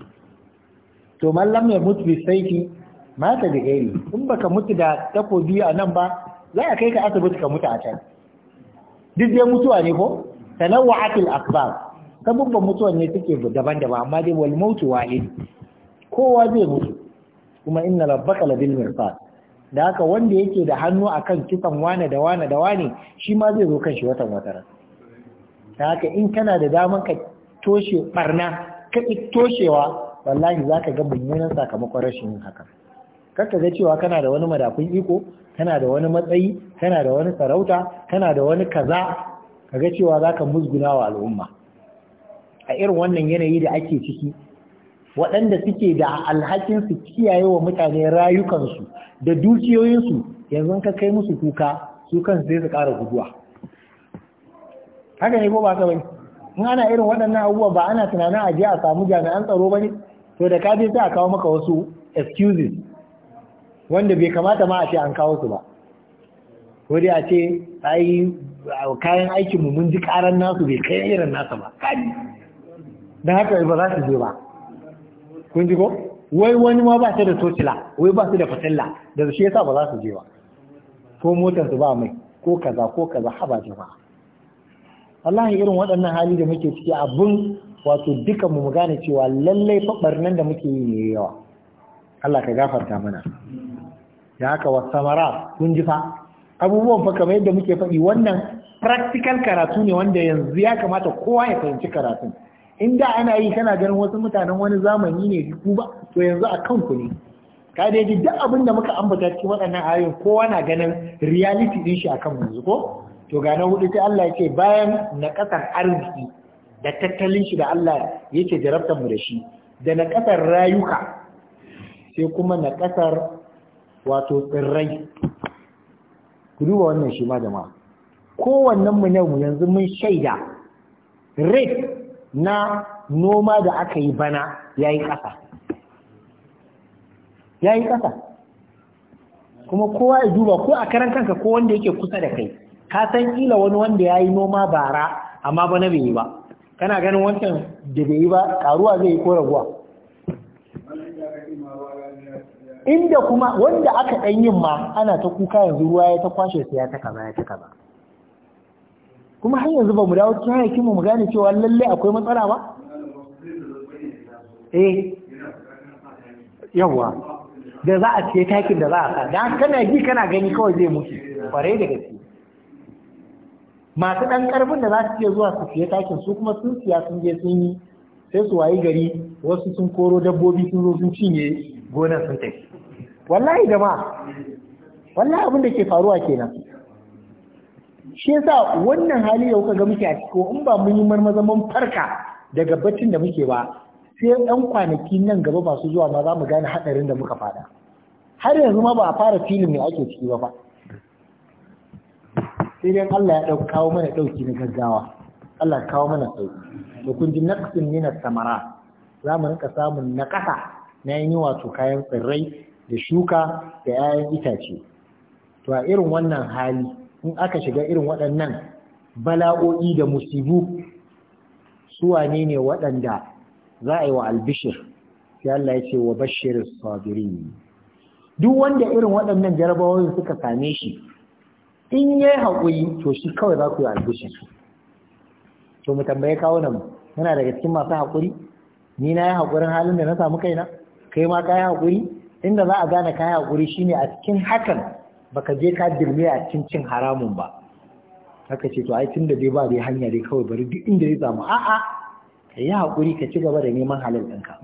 Speaker 1: to mallam mai mutu bi saiki mata da gairi in baka mutu da biyu a nan ba za a kai ka asibiti ka mutu a can duk dai mutuwa ne ko tanawwa'atil akbar sabubban mutuwan ne suke daban-daban amma dai wal mautu ne. kowa zai mutu kuma inna rabbaka labil fa da haka wanda yake da hannu akan kisan wane da wane da wane shi ma zai zo kan shi watan wataran da haka in kana da daman ka toshe barna ka toshewa wallahi za ka ga munan sakamakon rashin yin haka kakka ga cewa kana da wani madafun iko kana da wani matsayi kana da wani sarauta kana da wani kaza kaga cewa za ka musguna wa al'umma a irin wannan yanayi da ake ciki waɗanda suke da alhakin su kiyaye wa mutane rayukansu da dukiyoyinsu yanzu ka kai musu kuka su kansu sai su ƙara guduwa haka ne ko ba ka bane in ana irin waɗannan abubuwa ba ana tunanin a je a samu jami'an tsaro bane to da ka je sai a kawo maka wasu excuses wanda bai kamata ma a ce an kawo su ba ko dai a ce ai kayan aikin mu mun ji karan nasu bai kai irin nasa ba kai dan haka ba za su je ba kun ji ko wai wani ma ba su da tocila wai ba su da fitilla da shi yasa ba za su je ba ko motar su ba mai ko kaza ko kaza haba jama'a wallahi irin waɗannan hali da muke ciki abun wato duka mu mu gane cewa lallai faɓar nan da muke yi ne yawa Allah ka gafarta mana Ya haka wa samara kun ji fa abubuwan fa kamar yadda muke faɗi wannan practical karatu ne wanda yanzu ya kamata kowa ya fahimci karatun in da ana yi kana ganin wasu mutanen wani zamani ne duku ba to yanzu a kanku ne ka dai duk abin da muka ambata cikin waɗannan ayoyin kowa na ganin reality din shi akan yanzu ko to ga na hudu sai Allah ya bayan na kasar arziki da tattalin shi da Allah yake jarabtar mu da shi da na kasar rayuka sai kuma na kasar wato tsirrai ku duba wannan shi ma jama'a kowannen mu ne mu yanzu mun shaida rate na noma da aka yi bana ya yi ƙasa ya yi ƙasa kuma kowa ya duba ko a karan kanka ko wanda yake kusa da kai ka san kila wani wanda ya yi noma bara amma bana bai yi ba kana ganin wancan da bai yi ba karuwa zai yi ko raguwa inda kuma wanda aka ɗan yin ma ana ta kuka yanzu ruwa ya ta kwashe su ya ta kaza ya ta kaza kuma har yanzu ba mu dawo cikin hayakin mu gane cewa lalle akwai matsala ba eh yawa da za a ce takin da za a sa da kana ji kana gani kawai zai mutu kware da gaske masu ɗan ƙarfin da za su iya zuwa su siya takin su kuma sun siya sun je sun yi sai su wayi gari wasu sun koro dabbobi sun zo sun cinye gonar sun tafi wallahi jama'a wallahi abin da ke faruwa kenan shi yasa wannan hali da kuka ga muke a ciki in ba mun yi marmaza mun farka daga baccin da muke ba sai ɗan kwanaki nan gaba masu zuwa ma za mu gane haɗarin da muka fada har yanzu ma ba a fara filin ne ake ciki ba ba sai dai Allah ya kawo mana ɗauki na gaggawa Allah ya kawo mana sauki to kun ji naqsin min samara za mu rinka samun naƙasa na yin wato kayan tsirrai da shuka da 'ya'yan itace to a irin wannan hali in aka shiga irin waɗannan bala'o'i da musibu wane ne waɗanda za a yi wa albishir sai Allah ya ce wa bashir sabiri duk wanda irin waɗannan jarabawoyin suka same shi in ya yi haƙuri to shi kawai za ku yi albishir to mu tambaye kawo nan muna daga cikin masu haƙuri ni na yi haƙurin halin da na samu kaina kai ma ka yi haƙuri inda za a gane ka yi haƙuri shine a cikin hakan baka je ka dirme a cikin cin haramun ba haka ce to ai tun da dai ba dai hanya dai kawai bari duk inda zai samu a'a ka yi haƙuri ka ci gaba da neman halal ɗinka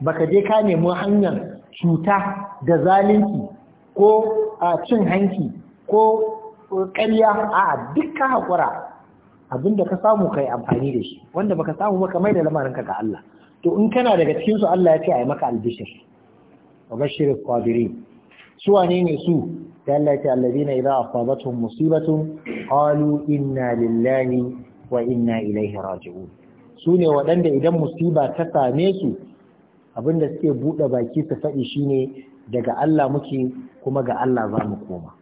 Speaker 1: baka je ka nemi hanyar cuta da zalunci ko a cin hanki ko ƙarya a duk ka haƙura abinda ka samu kai amfani da shi wanda baka samu maka mai da lamarin ka ga Allah to in kana daga cikin su Allah ya ce a yi maka albishir wa bashir sabirin su wane ne su da Allah ta allazina idan afabatun musibatun qalu inna lillahi wa inna ilaihi raji'un su ne waɗanda idan musiba ta same su abinda suke buɗe baki su faɗi shine daga Allah muke kuma ga Allah za mu koma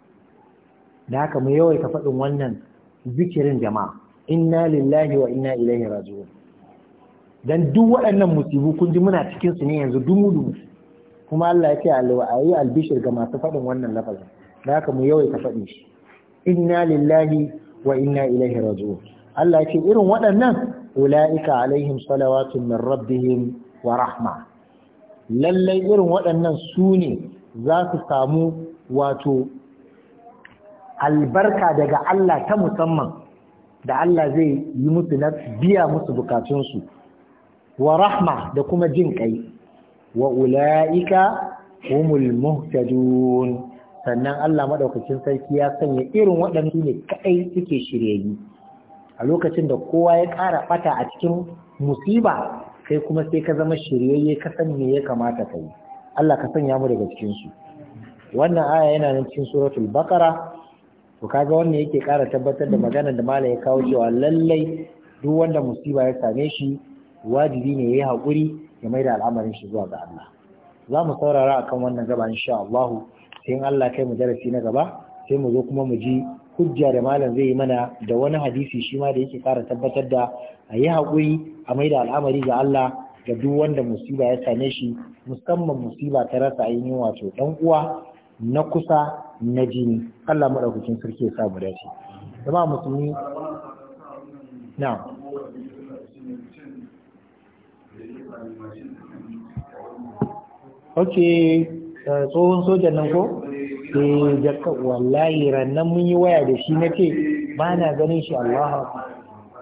Speaker 1: da haka mu yawaita faɗin wannan zikirin jama'a inna lillahi wa inna ilaihi raji'un dan duk waɗannan musibu kun ji muna cikinsu ne yanzu dumu dumu kuma Allah ya ce alwa'ayi albishir ga masu faɗin wannan lafazin da haka mu ka faɗi shi inna lillahi wa inna ilaihi raji'un Allah ya ce irin waɗannan ulaika alaihim salawatu min rabbihim wa rahma lallai irin waɗannan su ne za su samu wato albarka daga Allah ta musamman da Allah zai yi musu na biya musu bukatunsu wa rahma da kuma jin ƙai. wa ula'ika humul muhtadun sannan Allah maɗaukacin sarki ya sanya irin waɗansu ne kaɗai suke shiryayi a lokacin da kowa ya ƙara ɓata a cikin musiba kai kuma sai ka zama shiryayye ka san me ya kamata kai Allah ka sanya mu daga cikin su wannan aya yana nan cikin suratul baqara to kaga wannan yake ƙara tabbatar da magana da malam ya kawo cewa lallai duk wanda musiba ya same shi wajibi ne ya yi haƙuri ya mai da al'amarin shi zuwa ga Allah za mu saurara akan wannan gaba insha Allah sai in Allah kai mu darasi na gaba sai mu zo kuma mu ji hujja da malam zai yi mana da wani hadisi shi ma da yake kara tabbatar da a yi haƙuri a mai da al'amari ga Allah ga duk wanda musiba ya same shi musamman musiba ta rasa ainihin wato ɗan uwa na kusa na jini Allah maɗaukakin sarki ya sa mu dace. jama'a musulmi na'am ok eh, tsohon sojan nan ko ke eh, jakka wallahi rannan mun yi waya da shi na ce ba na ganin shi Allah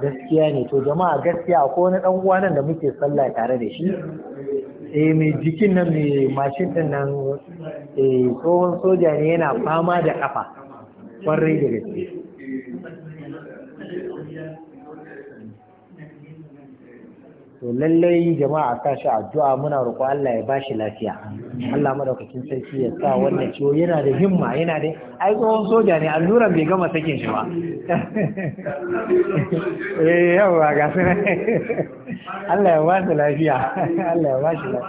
Speaker 1: gaskiya ne to jama'a gaskiya ko wani ɗan uwa nan da muke sallah tare da shi eh mai jikin nan mai mashin din nan eh, tsohon soja ne yana fama da ƙafa, kwarai da gaske to lallai jama'a ta shi addu'a muna roƙo Allah ya bashi lafiya Allah madaukakin sarki ya sa wannan ciwo yana da himma yana da ai tsohon soja ne alluran bai gama sakin shi ba eh yawa ga su Allah ya ba shi lafiya Allah ya ba shi lafiya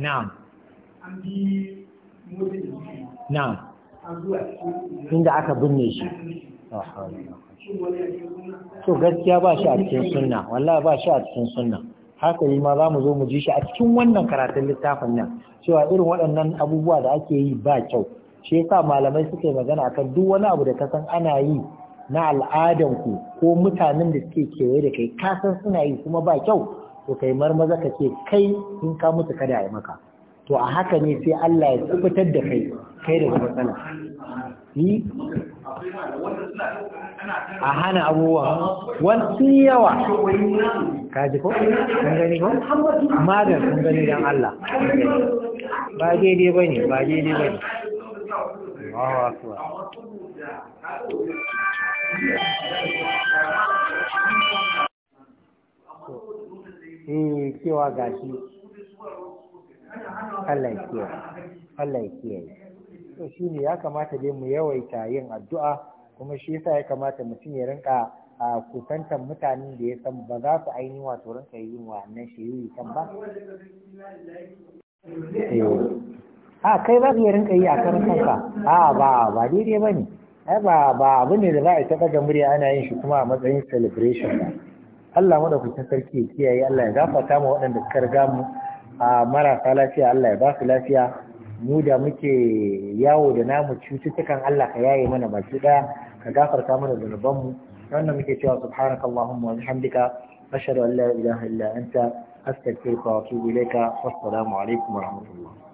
Speaker 1: na'am na'am inda aka binne shi to gaskiya ba shi a cikin sunna wallahi ba shi a cikin sunna haka yi ma za mu zo mu ji shi a cikin wannan karatun littafin nan cewa irin waɗannan abubuwa da ake yi ba kyau shi yasa malamai suke magana akan duk wani abu da ka san ana yi na al'adan ku ko mutanen da suke kewaye da kai ka san suna yi kuma ba kyau to kai marmaza ka ce kai in ka mutu kada ya maka to a haka ne sai Allah ya tabbatar da kai kai da matsala a hana abubuwa wasu yawa kaji ko kan gani ko magan kun gani don Allah ba daidai ba ne ba daidai ba ne wawa ba. eh cewa gashi Allah ya kiyaye Allah ya kiyaye to ne ya kamata dai mu yawaita yin addu'a kuma shi yasa ya kamata mutum ya rinka a kusantar mutanen da ya san ba za su ainihin wato rinka yin wannan shiri kan ba a kai za su yi rinka yi a kan kanka a ba ba daidai ba ne ai ba ba abu ne da za a yi ta ɗaga murya ana yin shi kuma a matsayin celebration ba Allah ta sarki ya kiyaye Allah ya gafarta mu waɗanda suka riga mu a marasa lafiya Allah ya ba su lafiya mu da muke yawo da namu cututtukan Allah ka yaye mana baki daya ka gafarta mana mu wannan muke cewa subhanaka allahumma wa bihamdika ashhadu an la ilaha illa anta astaghfiruka wa atubu ilayka wassalamu alaikum wa rahmatullah